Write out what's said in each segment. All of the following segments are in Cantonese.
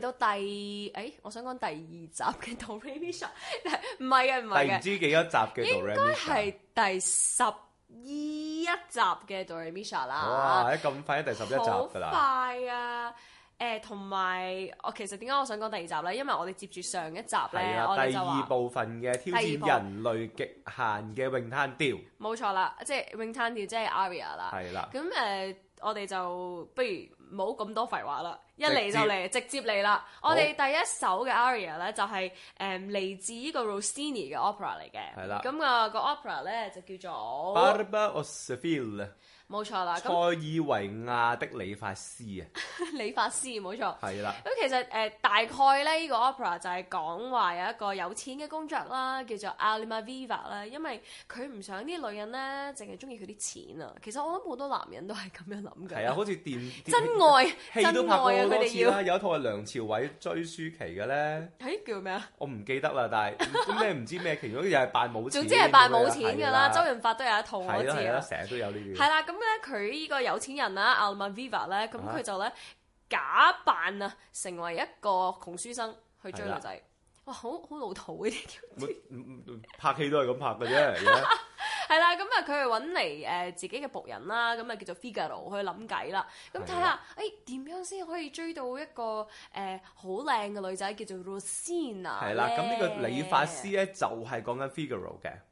到第，哎、我想講第二集嘅 Do Re Mi Sha，唔 係啊，唔係啊，唔知幾多集嘅，應該係第十一集嘅 Do Re Mi Sha 啦。哇，咁快喺第十一集好快啊，誒、呃，同埋我其實點解我想講第二集咧？因為我哋接住上一集咧，我哋第二部分嘅挑戰人類極限嘅詠嘆調。冇錯啦，即係詠嘆調即係 aria 啦。係啦。咁誒。呃我哋就不如冇咁多廢話啦，一嚟就嚟直接嚟啦。我哋第一首嘅 aria 咧就係誒嚟自呢個 Rossini 嘅 opera 嚟嘅，係啦，咁個個 opera 咧就叫做 Barber of Seville。.冇錯啦，塞爾維亞的理髮師啊， 理髮師冇錯，係啦。咁其實誒、呃、大概咧，依、呢個 opera 就係講話有一個有錢嘅工作啦，叫做 Alma Viva 啦，因為佢唔想啲女人咧淨係中意佢啲錢啊。其實我諗好多男人都係咁樣諗㗎。係啊，好似電，真愛戲、啊、都拍過好多次啦。佢哋要，有一套係梁朝偉追舒淇嘅咧，係、欸、叫咩啊？我唔記得啦，但係咩唔知咩 其嗰啲又係扮冇錢。總之係扮冇錢㗎啦，啦。周潤發都有一套我知啦，成日都有呢啲。係啦，咁。咁咧佢呢個有錢人啦，阿瑪維瓦咧，咁佢就咧假扮啊成為一個窮書生去追女仔，哇，好好老土呢啲橋段拍戲都係咁拍嘅啫。係 啦，咁啊佢去搵嚟誒自己嘅僕人啦，咁啊叫做 Figaro 去諗計啦。咁睇下誒點樣先可以追到一個誒好靚嘅女仔叫做 Rosina 啊。係啦，咁呢個理髮師咧就係講緊 Figaro 嘅。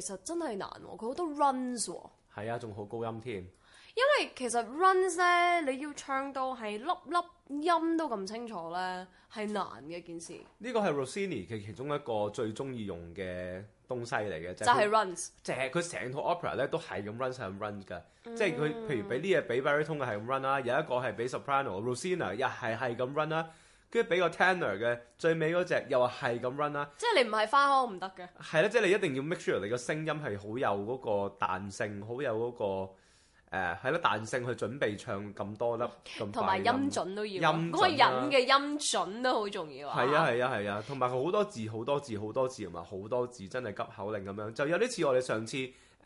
其實真係難喎，佢好多 runs 喎、哦。係啊，仲好高音添。因為其實 runs 咧，你要唱到係粒粒音都咁清楚咧，係難嘅一件事。呢個係 Rossini 嘅其中一個最中意用嘅東西嚟嘅啫。就係、是就是、runs，即係佢成套 opera 咧都係咁 run 係咁 run 噶，即係佢譬如俾呢嘢俾 Baritone 係咁 run 啦，有一個係俾 Soprano Rosina 又係係咁 run 啦。跟住俾個 Tanner 嘅最尾嗰隻又話係咁 run 啦、啊，即係你唔係花腔唔得嘅。係啦，即係你一定要 make sure 你個聲音係好有嗰個彈性，好有嗰個誒係咯彈性去準備唱咁多粒，同埋音準都要，嗰個人嘅音準都好重要。係啊係啊係啊，同埋好多字好多字好多字，同埋好多字真係急口令咁樣，就有啲似我哋上次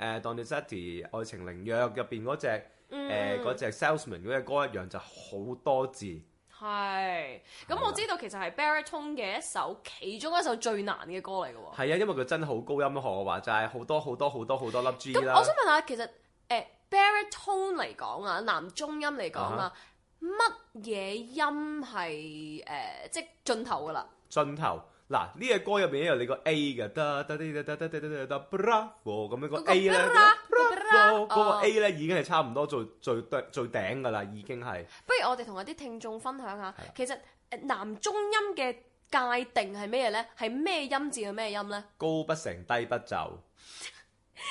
Donizetti 愛情靈藥入面嗰隻嗰隻 Salesman 嗰隻歌一樣，就好多字。係，咁我知道其實係 baritone 嘅一首其中一首最難嘅歌嚟嘅喎。係啊，因為佢真係好高音，學我話就係好多好多好多好多粒 G 啦。咁我想問下，其實、呃、baritone 嚟講啊，男中音嚟講啊，乜嘢音係誒、呃、即盡頭㗎啦？盡頭。嗱，呢個歌入邊有你個 A 噶，噠噠啲噠噠噠噠噠 b r a 咁樣個 A 咧，bra 個 A 咧已經係差唔多做最頂、哦、最頂噶啦，已經係。不如我哋同一啲聽眾分享下，其實男中音嘅界定係咩咧？係咩音字？到咩音咧？高不成低不， 低不就，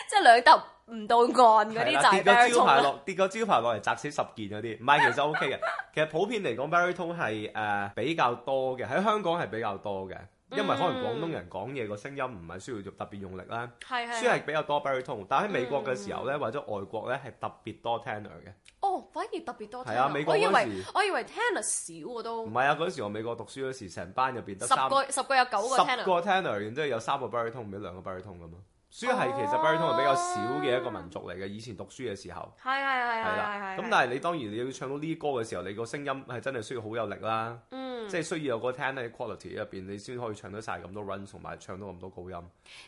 即係兩頭唔到岸嗰啲就。跌個招牌落，跌個招牌落嚟，砸死十件嗰啲，唔係其實 O K 嘅。 其實普遍嚟講，baritone 係誒、呃、比較多嘅，喺香港係比較多嘅。因為可能廣東人講嘢個聲音唔係需要特別用力啦，書、嗯、係比較多 baritone，、嗯、但喺美國嘅時候咧，或者外國咧係特別多 tenor 嘅。哦，反而特別多 tenor。係啊，美國因為，我以為 tenor 少我都。唔係啊，嗰時我美國讀書嗰時候，成班入邊得十個有九個 tenor，十個 tenor 然之後有三個 baritone，唔係兩個 baritone 咁嘛。書係其實 baritone 比較少嘅一個民族嚟嘅，以前讀書嘅時候。係係係係。係咁但係你當然你要唱到呢啲歌嘅時候，你個聲音係真係需要好有力啦。嗯嗯、即係需要有個聽呢 quality 入邊，你先可以唱得曬咁多 run，s 同埋唱到咁多高音。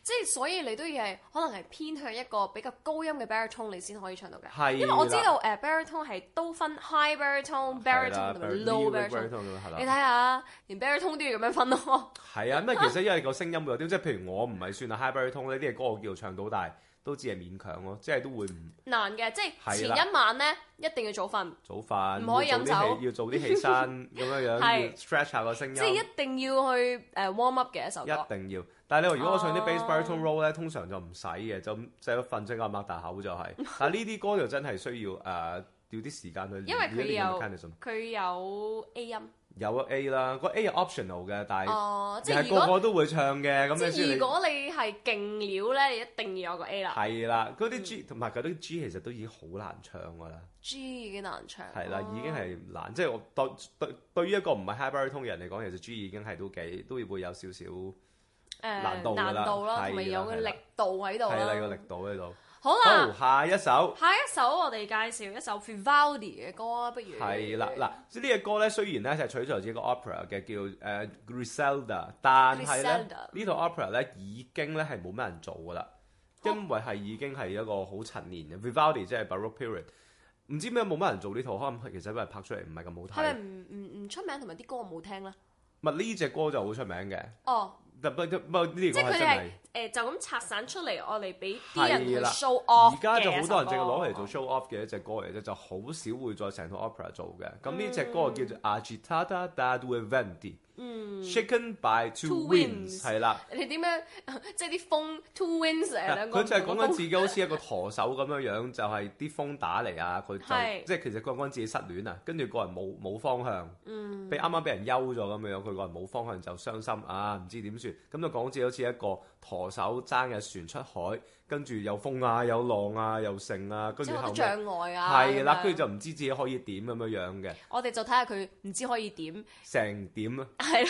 即係所以你都要係可能係偏向一個比較高音嘅 baritone，你先可以唱到嘅。因為我知道 baritone 係都分 high baritone、baritone 同埋 low baritone, baritone。你睇下，連 baritone 都要咁樣分咯。係啊，因為 其實因為個聲音有啲即係譬如我唔係算啊 high baritone 呢啲嘅歌我叫唱到大。但都只係勉強咯，即係都會唔難嘅，即係前一晚咧一定要早瞓，早瞓唔可以飲酒，要做啲氣山，咁 樣樣，stretch 下個聲音。即係一定要去、uh, warm up 嘅一首歌。一定要，但係你話如果我唱啲 b a、嗯、s e baritone roll 咧，通常就唔使嘅，就即係瞓即下擘大口就係、係。 但呢啲歌就真係需要誒調啲時間去練。因為佢有佢有，有 A 音。有個 A 啦，個 A 係 optional 嘅，但係、uh, 個個都會唱嘅，咁樣，如果你係勁料咧，你一定要有個 A 啦。係啦，嗰啲 G 同埋嗰啲 G 其實都已經好難唱噶啦。G 已經難唱。係啦，已經係難，哦、即係我對對對於一個唔係 high baritone 嘅人嚟講，其實 G 已經係都幾都會有少少難度、呃、難度啦，係咪有個力度喺度啦？係啦，個力度喺度。好啦，下一首，下一首，我哋介紹一首 Vivaldi 嘅歌，不如係啦嗱，呢隻歌咧，雖然咧就係取材自一個 opera 嘅叫誒、uh, Griselda，但係咧呢套 opera 咧已經咧係冇乜人做噶啦，因為係已經係一個好陳年嘅 Vivaldi，即係 Baroque period，唔知咩冇乜人做呢套，可能其實因為拍出嚟唔係咁好睇，係咪唔唔唔出名，同埋啲歌唔好聽咧？唔係呢隻歌就好出名嘅。哦、oh.。呢個、真即係佢哋係誒就咁拆散出嚟，我嚟俾啲人去 show off。而家就好多人淨係攞嚟做 show off 嘅一隻歌嚟啫，哦、就好少會再成套 opera 做嘅。咁呢隻歌叫做《Agitata da due venti》。嗯，shaken by two winds，係啦，你點樣即係啲風？Two winds 係兩，佢、啊、就係講緊自己好似一個舵手咁樣樣， 就係啲風打嚟啊，佢就即係其實講緊自己失戀啊，跟住個人冇冇方向，嗯，俾啱啱俾人休咗咁樣樣，佢個人冇方向就傷心啊，唔知點算，咁就講自己好似一個。舵手爭日船出海，跟住有風啊，有浪啊，又剩啊，跟住後面障礙啊係啦，跟住就唔知自己可以點咁樣樣嘅。我哋就睇下佢唔知可以點，成點啊？係啦。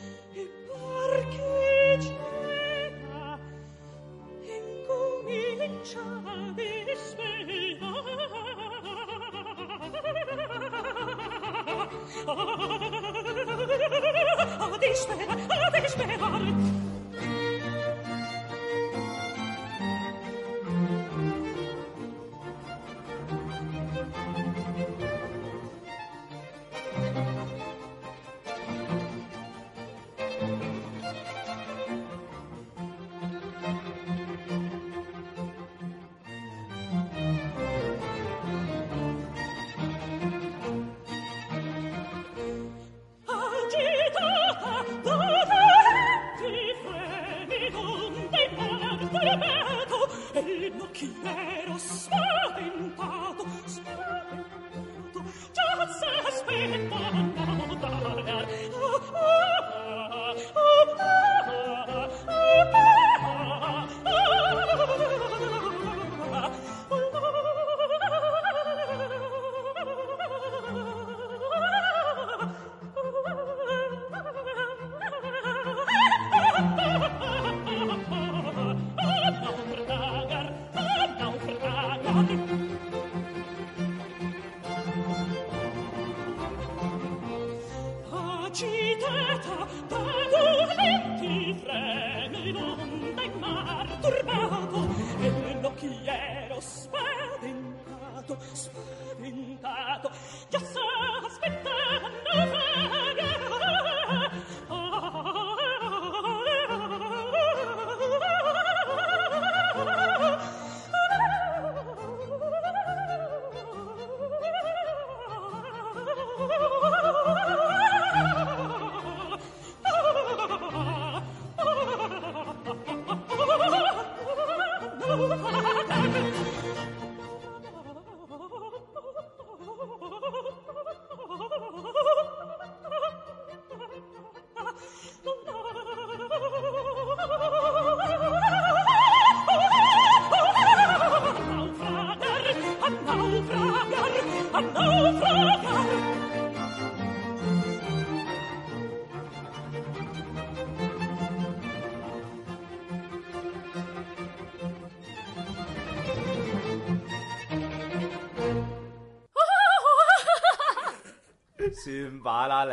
算吧 啦你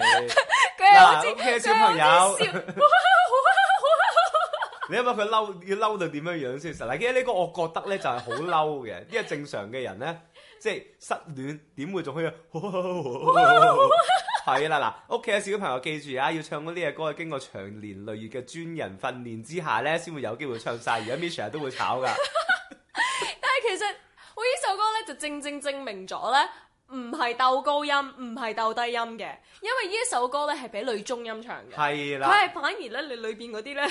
佢屋企嘅小朋友，他 你諗下佢嬲，佢嬲到點樣樣先實嗱？記得呢個我覺得咧就係好嬲嘅，因為正常嘅人咧，即係失戀點會仲可以係 啦？嗱，屋企嘅小朋友記住啊，要唱呢隻歌，經過長年累月嘅專人訓練之下咧，先會有機會唱晒。而家 Michelle 都會炒噶， 但係其實我呢首歌咧就正正證明咗咧。唔係鬥高音，唔係鬥低音嘅，因為呢一首歌咧係俾女中音唱嘅，係啦，佢係反而咧你裏面嗰啲咧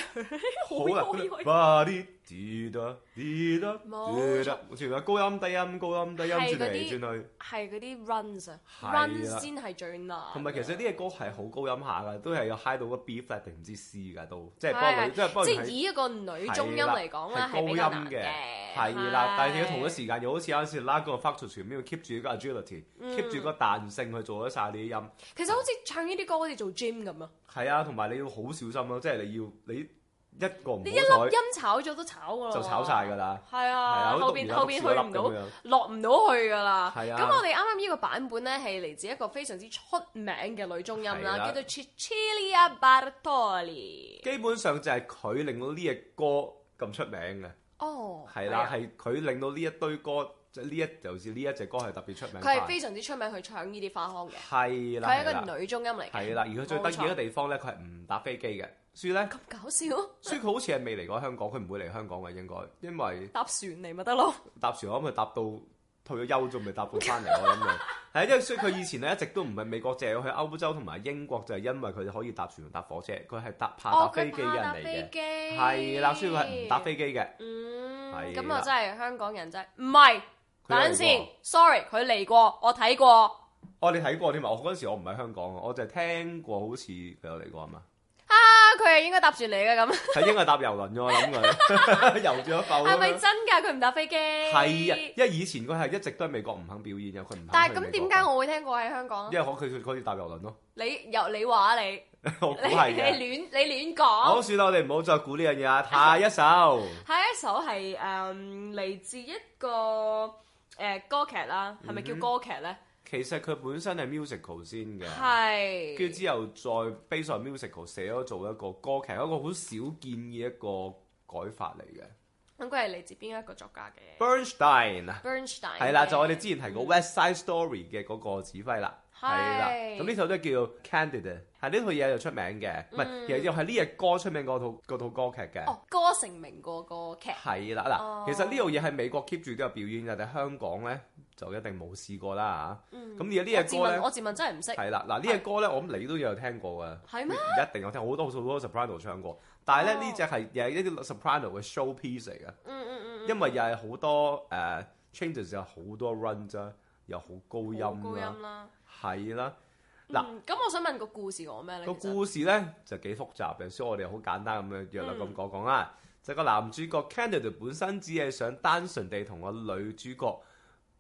好啊 b 知得，知得，知得，我全高音、低音、runs，啊、高音、低音轉嚟轉去，係嗰啲 runs 啊 run 先係最難。同埋其實呢隻歌係好高音下噶，都係有 high 到個 B flat 定唔知 C 噶都，即係幫你，即係以一個女中音嚟講咧，係高音嘅，係啦。但係你要同一時間，又好似有陣時拉個 factor 前面 keep 住個 agility，keep 住、嗯、個彈性去做咗晒呢啲音。其實好似唱呢啲歌好似做 gym 咁啊。係啊，同埋你要好小心咯，即係你要你。一個你一粒音炒咗都炒噶咯，就炒晒噶啦，係啊，後邊後邊去唔到，落唔到去噶啦。係啊，咁、啊、我哋啱啱呢個版本咧係嚟自一個非常之出名嘅女中音啦、啊，叫做 Cecilia Bartoli。基本上就係佢令到呢隻歌咁出名嘅。哦，係啦、啊，係佢令到呢一堆歌，即係呢一，就似呢一隻歌係特別出名的。佢係非常之出名去唱呢啲花腔嘅。係啦、啊，係係一個女中音嚟嘅。係啦、啊，而佢最得意嘅地方咧，佢係唔搭飛機嘅。書咧咁搞笑，書佢好似係未嚟過香港，佢唔會嚟香港嘅應該，因為搭船嚟咪得咯，搭船我諗佢搭到退咗休仲未搭到翻嚟，我諗住係啊，因為書佢以前咧一直都唔係美國，借去歐洲同埋英國就係、是，因為佢哋可以搭船搭火車，佢係搭怕搭飛機嘅人嚟嘅，係、哦、啊，書佢係唔搭飛機嘅，嗯、咁、嗯、我真係香港人啫。唔係，等陣先，sorry，佢嚟過，我睇過。哦，你睇過添嘛？我嗰時我唔喺香港，我就係聽過，好似佢有嚟過啊嘛？啊！佢係應該搭住你嘅咁，係應該搭遊輪嘅，我諗佢游咗，一係咪真㗎？佢唔搭飛機。係，因為以前佢係一直都喺美國唔肯表演，又佢唔。但係咁點解我會聽過喺香港？因為佢可以搭遊輪咯。你由你話啦，你，你亂、啊、你亂講。好、 哦、算啦，我哋唔好再估呢樣嘢啦。下一首，下一首，下一首係誒嚟自一個誒、呃、歌劇啦，係咪叫歌劇咧？嗯其實佢本身係 musical 先嘅，跟住之後再 based on musical 寫咗做一個歌劇，一個好少見嘅一個改法嚟嘅。咁佢係嚟自邊一個作家嘅？Bernstein 啊 Bernstein 係啦，就我哋之前提過 West Side Story 嘅嗰個指揮啦，係啦。咁呢首都叫 Candide，係呢套嘢就出名嘅，唔係、嗯、其實又係呢隻歌出名嗰套套歌劇嘅。哦，歌成名過歌劇。係啦嗱，其實呢套嘢係美國 keep 住都有表演嘅，但係香港咧。就一定冇試過啦嚇。咁、嗯、而家呢隻歌咧，我自問真係唔識係啦。嗱呢隻歌咧，我諗你都有聽過嘅，係咩？一定有聽好多好多。好多 Soprano 唱過，哦、但係咧呢隻係又係一啲 Soprano 嘅 show piece 嚟嘅。嗯嗯嗯。因為又係好多誒、uh, changes，有好多 runs，又好高音啦。好高音啦，係啦。嗱、嗯、咁，咁我想問個故事講咩咧？個故事咧就幾複雜嘅，所以我哋好簡單咁、嗯、樣約嚟咁講講啦。就是、個男主角 Candido 本身只係想單純地同個女主角。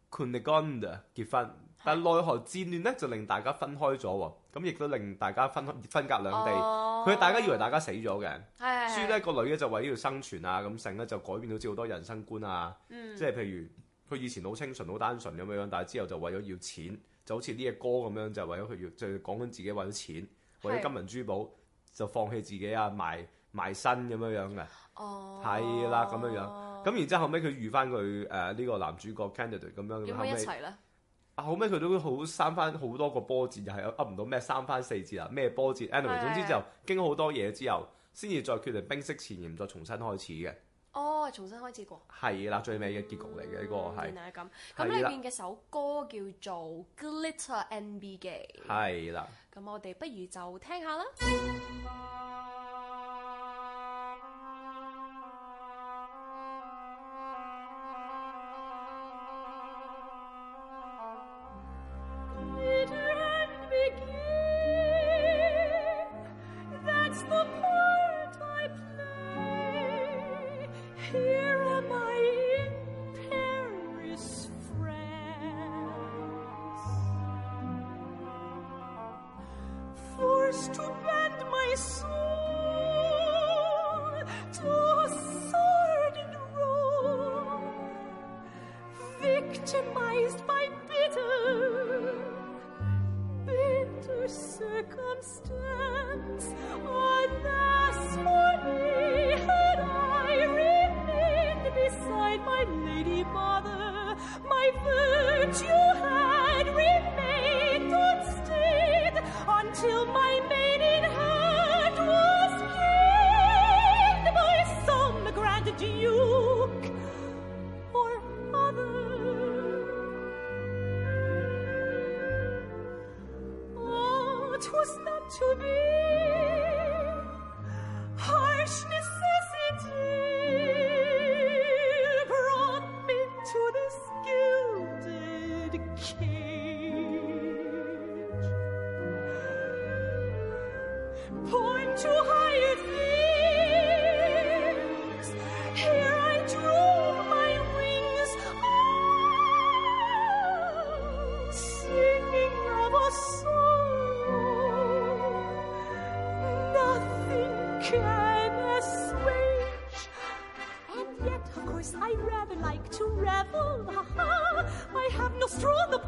昆力幹咋結婚，但係奈何戰亂咧就令大家分開咗喎，咁亦都令大家分分隔兩地。佢、哦、大家以為大家死咗嘅，書咧個女咧就為咗要生存啊，咁成咧就改變咗好多人生觀啊，即、嗯、係譬如佢以前好清純、好單純咁樣樣，但係之後就為咗要錢，就好似呢隻歌咁樣，就為咗佢要就講緊自己為咗錢，為咗金銀珠寶就放棄自己啊賣賣身咁樣樣嘅，哦，係啦咁樣樣。咁然之後後尾佢遇翻佢呢個男主角 candidate 咁樣，咁樣。後尾，啊後尾佢都好三番好多個波折，又係噏唔到咩三番四折啦，咩波折，anyway，總之就經好多嘢之後，先至再決定冰釋前嫌，再重新開始嘅。哦，重新開始過。係啦，最尾嘅結局嚟嘅呢個係。咁、嗯，咁裏面嘅首歌叫做《Glitter N B》嘅。係啦。咁我哋不如就聽下啦。嗯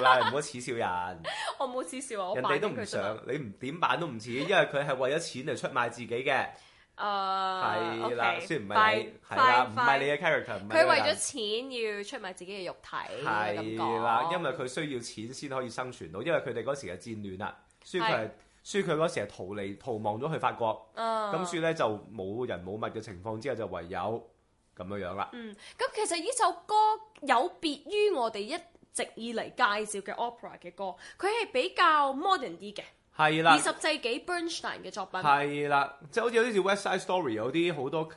唔 好恥笑人我恥笑，我冇恥笑啊！人哋都唔想，你唔點扮都唔似，因為佢係為咗錢嚟出賣自己嘅。誒， 係、uh, 啦，雖然唔係，係啦，唔係你嘅 character，唔係佢為咗錢要出賣自己嘅肉體。係啦，因為佢需要錢先可以生存到，因為佢哋嗰時係戰亂啊，輸佢係輸佢嗰時係逃離逃亡咗去法國，咁、uh, 所以咧就冇人冇物嘅情況之下就唯有咁樣樣啦。嗯，咁其實呢首歌有別於我哋一直以嚟介紹嘅 opera 嘅歌，佢係比較 modern 啲嘅。係啦，二十世紀 Bernstein 嘅作品係啦，即係好似有啲似 West Side Story，有啲好多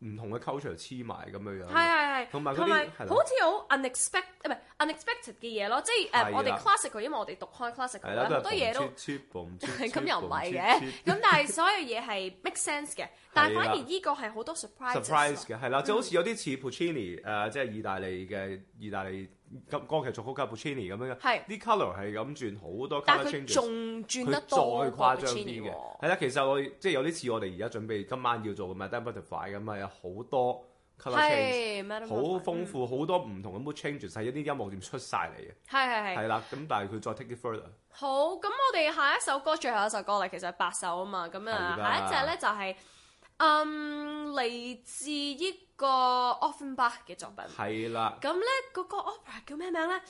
唔同嘅 culture 黐埋咁嘅樣。係係係，同埋嗰啲好似好 unexpected，唔係 unexpected 嘅嘢咯。即係誒、呃，我哋 classical 因為我哋讀開 classical，好多嘢都咁又唔係嘅。咁但係所有嘢係 make sense 嘅，但係反而依個係好多 surprise 嘅係啦，就好似有啲似 Puccini 誒，即係意大利嘅意大利。咁歌劇做個 Capuchini 咁樣嘅，係啲 colour 係咁轉好多 colour change，但係佢仲轉得多，再誇張啲嘅。係啦，其實我即係有啲似我哋而家準備今晚要做嘅嘛，Madame Butterfly 咁啊，有好多 colour change，好豐富，好、嗯、多唔同嘅 move change，係一啲音樂段出晒嚟嘅。係係係。係啦，咁但係佢再 take 啲 further。好，咁我哋下一首歌，最後一首歌嚟，其實係八首啊嘛，咁啊，下一隻咧就係、是啊、嗯嚟自於。個 Offenbach 嘅作品係啦，咁咧嗰個 opera 叫咩名咧？誒、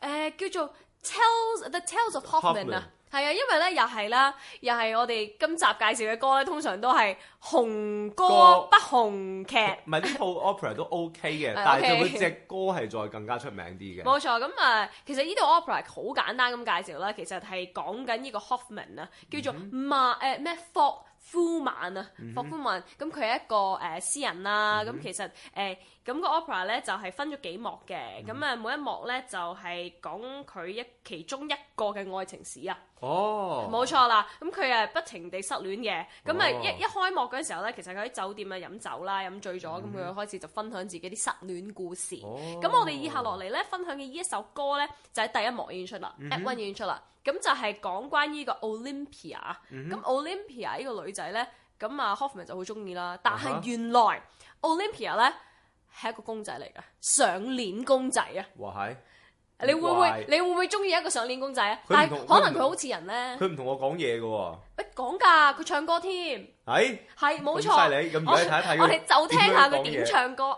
呃、叫做 Tells The Tales of Hoffman 啊，係啊，因為咧又係啦，又係我哋今集介紹嘅歌咧，通常都係紅歌不紅劇不，唔係呢套 opera 都 OK 嘅， 但係佢隻歌係再更加出名啲嘅。冇錯，咁、嗯、啊，其實呢套 opera 好簡單咁介紹啦，其實係講緊呢個 Hoffman 啊，叫做馬誒咩霍富曼、mm-hmm. uh, 啊，霍夫曼，咁佢係一個誒詩人啦，咁其實誒。Uh 咁、那個 Opera 咧就係、是、分咗幾幕嘅，咁、嗯、啊每一幕咧就係、是、講佢一其中一個嘅愛情史啊。哦，冇錯啦。咁佢啊不停地失戀嘅，咁、哦、啊一一開幕嗰陣時候咧，其實佢喺酒店啊飲酒啦，飲醉咗，咁、嗯、佢開始就分享自己啲失戀故事。咁、哦、我哋以下落嚟咧分享嘅呢一首歌咧就喺、是、第一幕演出啦、嗯、，Act One 演出啦。咁就係講關於個 Olympia，咁、嗯、Olympia 呢個女仔咧，咁啊 Hoffman 就好中意啦。但係原來、嗯、Olympia 咧。係一個公仔嚟噶，上鏈公仔啊！哇係，你會唔會你會唔會中意一個上鏈公仔啊？但係可能佢好似人咧，佢唔同，同我講嘢噶喎，講噶，佢唱歌添，係係冇錯，你咁睇睇，我哋就聽下佢點唱歌。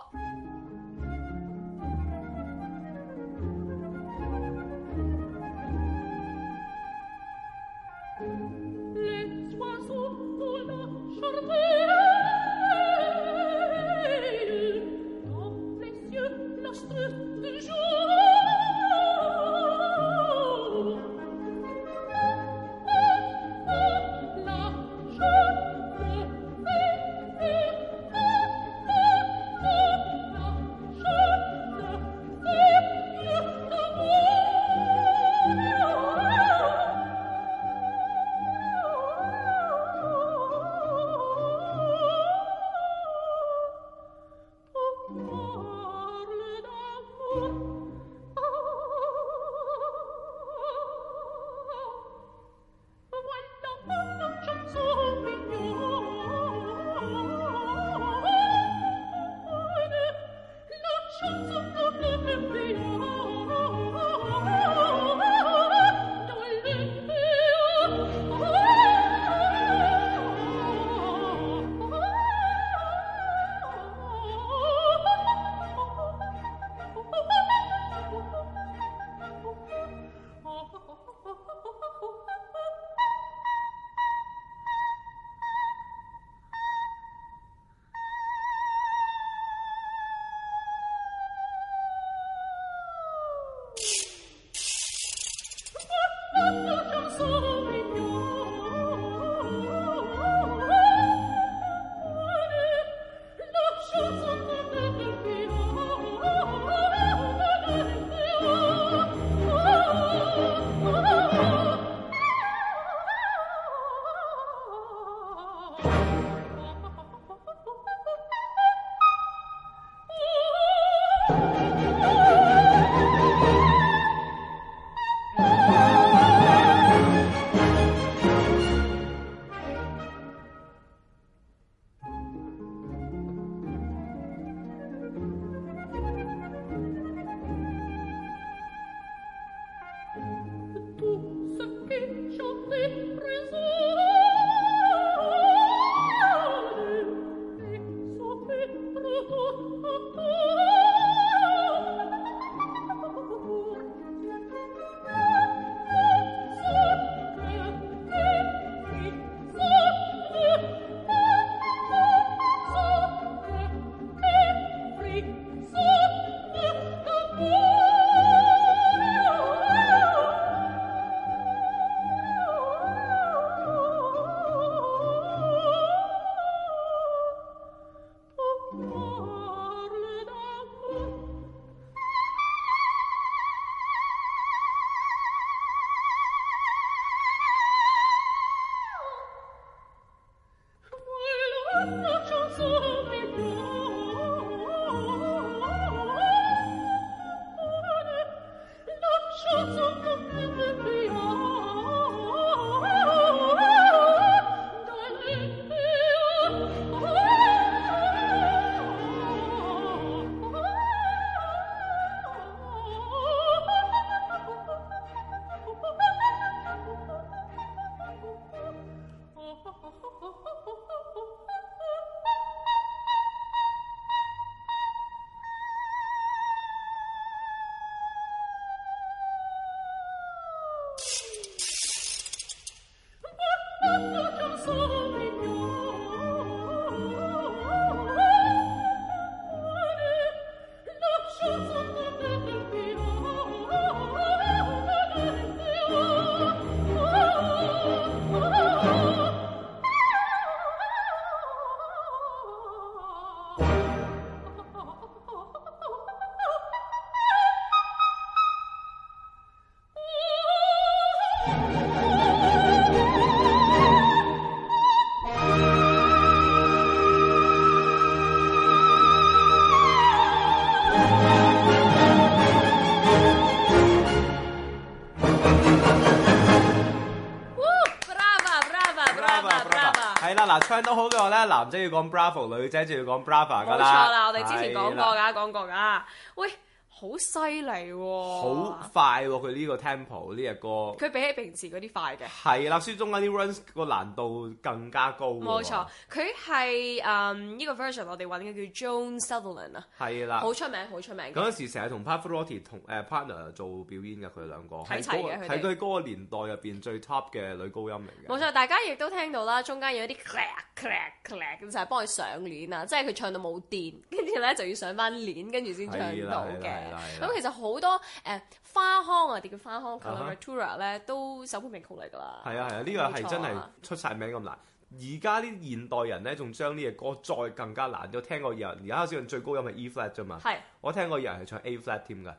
男仔要講 bravo 女仔就要講 brava 噶啦。冇錯啦，我哋之前講過，噶，講過噶。喂，好犀利喎！好快喎，佢呢個 tempo。呢隻歌佢比起平時嗰啲快嘅。係啦，書中間啲 runs 個難度更加高，冇錯，佢係誒呢個 version 我哋揾嘅叫 Joan Sutherland 啊，係啦，好出名，好出名的。嗰陣時成日同 Pavarotti 同誒 partner 做表演嘅，佢哋兩個睇睇佢嗰個年代入邊最 top 嘅女高音嚟嘅。冇錯，大家亦都聽到啦，中間有一啲 clack clack clack，咁就係幫佢上鍊啊，即係佢唱到冇電，跟住咧就要上翻鍊，跟住先唱到嘅。咁其實好多誒。呃花腔啊，啲叫花腔，佢嘅 coloratura 咧都首本名曲嚟噶啦。係啊係啊，呢個係真係出晒名咁難。而家啲現代人咧，仲將呢嘢歌再更加難咗。聽過人而家小人最高音係 E flat 啫嘛。係，我聽過有人係唱 A flat 添嘅，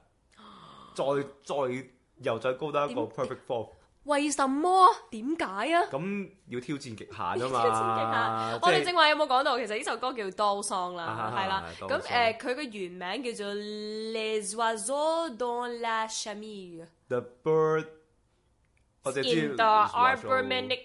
再再又再高得一個 perfect fourth。 為什麼？點解啊？咁要挑戰極限啫嘛！我哋正話有冇講到？其實呢首歌叫《Doll Song》啦，係啦。咁誒，佢嘅原名叫做《Les oiseaux dans la charmille》。我知，我知。總之，nick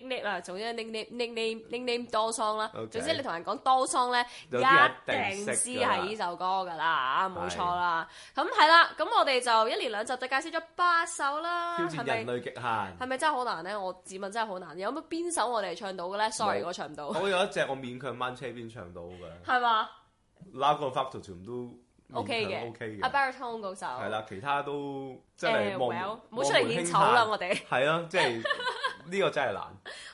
nick 啊，總之，nick nick nick nick nick nick 多桑啦。總之，你同人講多桑咧，一定知係呢首歌㗎啦，冇錯啦。咁係啦，咁我哋就一連兩集就介紹咗八首啦，係咪？挑戰人類極限，係咪真係好難咧？我自問真係好難。有咩邊首我哋唱到嘅咧？sorry，我唱唔到。我有一隻，我勉強掹車邊唱到嘅。係嘛？Love Factor 全部都。O.K. 嘅，O.K. 嘅，A baritone 嗰首。係啦，其他都即係望唔到。Well, 出嚟演丑啦，我哋。係 啊，即係呢個真係難。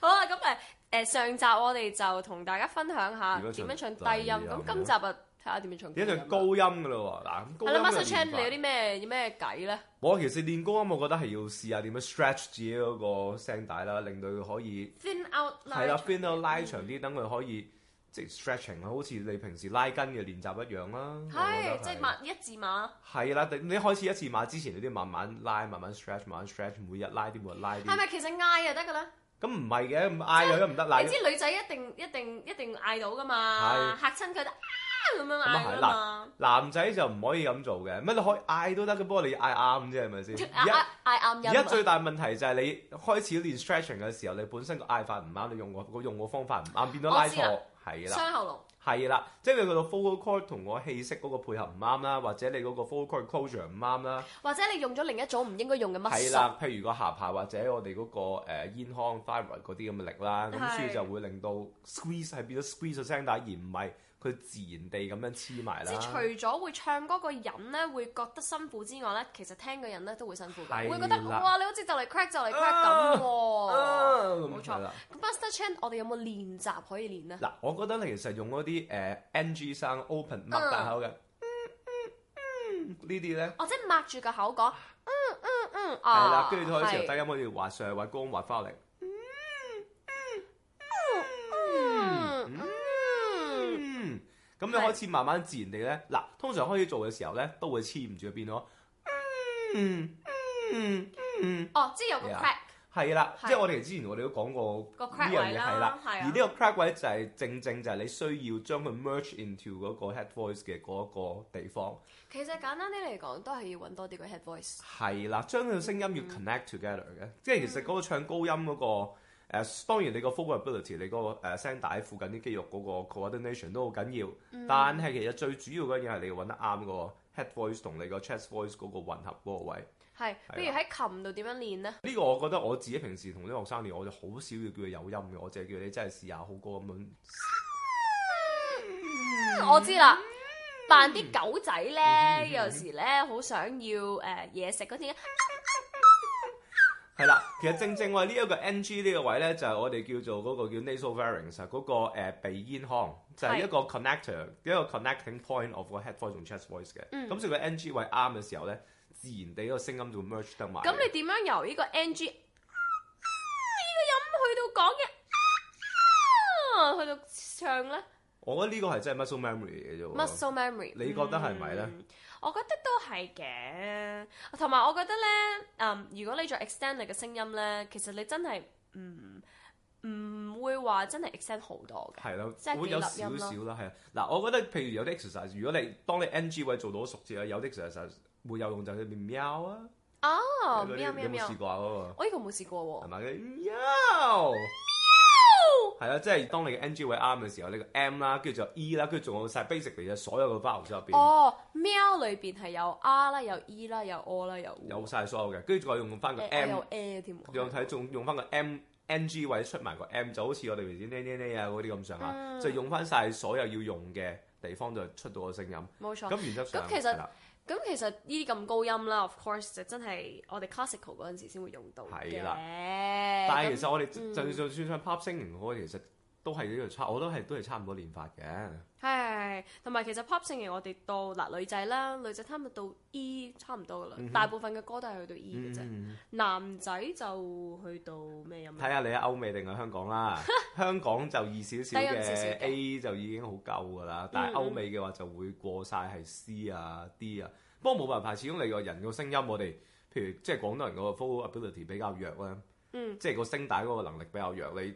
好啊，咁誒誒上集我哋就同大家分享一下點樣唱，唱低音。咁今集啊，睇下點樣唱高音。你、啊、唱高音㗎啦喎，嗱、啊、咁。係啦 Master Chang，你有啲咩咩計咧？我其實練高音，我覺得係要試下點樣 stretch 自己嗰個聲帶啦，令到佢可以。伸 out，嗱伸 out 拉長啲，等佢可以。即係 stretching，好似你平時拉筋嘅練習一樣啦。係，即係、就是、一字馬。係啦，你開始一字馬之前，你都要慢慢拉，慢慢 stretch，慢慢 stretch，每日拉啲每日拉啲。係咪其實嗌就得㗎啦？咁唔係嘅，嗌又有唔得啦。就是、你知女仔一定一定一定嗌到㗎嘛，嚇親佢得啊咁樣嗌啊嘛。男仔就唔可以咁做嘅，乜你可以嗌都得，嘅，是不過你嗌啱啫，係咪先？嗌嗌啱。而、啊、家、啊啊啊、最大問題就係你開始練 stretching 嘅時候，你本身個嗌法唔啱，你用個用個方法唔啱，變咗拉錯。For, 係啦，傷喉嚨。係啦，即係你嗰個 vocal cord 同我氣息嗰個配合唔啱啦，或者你嗰個 vocal cord closure 唔啱啦，或者你用咗另一種唔應該用嘅乜？係啦，譬如個下巴或者我哋嗰、嗰個誒咽腔 fiber 嗰啲咁嘅力啦，咁所以就會令到 squeeze 係變咗 squeeze 聲帶而唔係。佢自然地咁樣黐埋啦。即係除咗會唱歌個人咧會覺得辛苦之外咧，其實聽個人咧都會辛苦，會覺得哇，你好似就嚟 crack 就嚟 crack 咁、啊、喎、啊。冇、啊、錯啦。咁 Buster Chen 我哋有冇練習可以練咧？嗱，我覺得其實用嗰啲誒 NG 生 open 擘大口嘅，嗯嗯嗯呢啲咧，或者擘住個口講，嗯嗯嗯，係啦，跟住同時大家可以滑上滑光滑花嚟。咁你開始慢慢自然地咧，嗱通常開始做嘅時候咧，都會黐唔住嗯邊嗯,嗯哦，即係有個 crack yeah,。係啦，即係我哋之前我哋都講過個 crack，呢樣嘢係啦。而呢個 crack 位就係、是、正正就係你需要將佢 merge into 嗰個 head voice 嘅嗰個地方。其實簡單啲嚟講，都係要揾多啲個 head voice。係啦，將佢聲音要 connect together 嘅、嗯，即係其實嗰個唱高音嗰、嗰個。嗯嗰個誒、呃，當然你個 flexibility，你個誒、呃、聲帶附近啲肌肉嗰個 coordination 都好緊要，mm-hmm. 但係其實最主要嘅嘢係你揾得啱個 head voice 同你個 chest voice 嗰個混合嗰個位。係，不如喺琴度點樣練呢？呢、呢個我覺得我自己平時同啲學生練，我就好少要叫佢有音嘅，我淨係叫你真係試下好過咁樣。我知啦，扮啲狗仔咧，mm-hmm. 有時咧好想要誒嘢食嗰啲。呃係啦，其實正正話呢一個 NG 呢個位咧，就係、是、我哋叫做嗰、那個叫 nasopharynx 嗰個、呃、鼻咽腔就係一個 connector，一個 connecting point of 個 head voice 同 chest voice 嘅。咁、嗯、所以個 NG 位啱嘅時候咧，自然地嗰個聲音就 merge 得埋、嗯。咁你點樣由呢個 NG 呢、啊這個音去到講嘅、啊，去到唱咧？我覺得呢個係真係 muscle memory 嘅啫 muscle memory，你覺得係咪咧？我覺得都係嘅，同埋我覺得咧，嗯，如果你做 extend 嚟嘅聲音咧，其實你真係唔唔會話真係 extend 好多嘅，係咯，即係會有少少啦，係啊。嗱，我覺得譬如有啲 exercise，如果你當你 NG 位做到好熟字啊，有啲 exercise 會有用就係變喵啊，哦、oh,，喵喵，喵，冇試過啊？我呢個冇試過喎，係咪喵？係、哦、啦，即係、 就是、當你嘅 ng 位 r 嘅時候，呢個 m 啦，跟住就 e 啦，跟住仲有晒 basic 嚟嘅所有嘅 values 入邊。哦，喵裏邊係有 r 啦、e，欸欸，有 e 啦，有 o 啦，還有還有晒所有嘅，跟住仲係用翻個 m，又 a 添，用睇仲用翻個 mng 或者出埋個 m，就好似我哋平時呢呢呢啊嗰啲咁上下，就用翻晒所有要用嘅地方就出，出到個聲音。冇錯，咁原則上係啦。其實咁其實呢啲咁高音啦，of course 就真係我哋 classical 陣時先會用到嘅。係啦，但係其實我哋就算算上 pop singing，我、嗯、其實都係呢度差，我都係都係差唔多練法嘅。係。誒，同埋其實 pop 聲型我哋到嗱女仔啦，女仔差唔多到 E 差唔多噶啦、嗯，大部分嘅歌都係去到 E 嘅啫、嗯。男仔就去到咩音？睇下你喺歐美定係香港啦。 香港就二少少嘅 A 就已經好夠噶啦、嗯，但係歐美嘅話就會過晒係 C 啊，嗯嗯 D 啊。不過冇辦法，始終你個人個聲音，我哋譬如即係廣東人嗰個 vocal ability 比較弱啦，嗯，即係個聲帶嗰個能力比較弱你。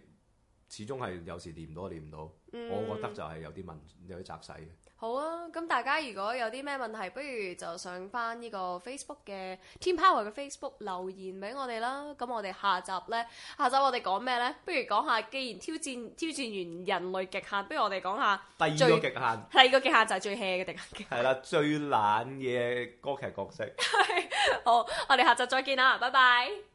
始終係有時練唔到練唔到、嗯，我覺得就係有啲問有啲雜使嘅。好啊，咁大家如果有啲咩問題，不如就上翻呢個 Facebook 嘅 Team Power 嘅 Facebook 留言俾我哋啦。咁我哋下集呢？下集我哋講咩呢？不如講下既然挑戰挑戰完人類極限，不如我哋講下第二個極限。第二個極限就係最 hea 嘅極限。係啦，最懶嘅歌劇角色。 好，我哋下集再見啦，拜拜。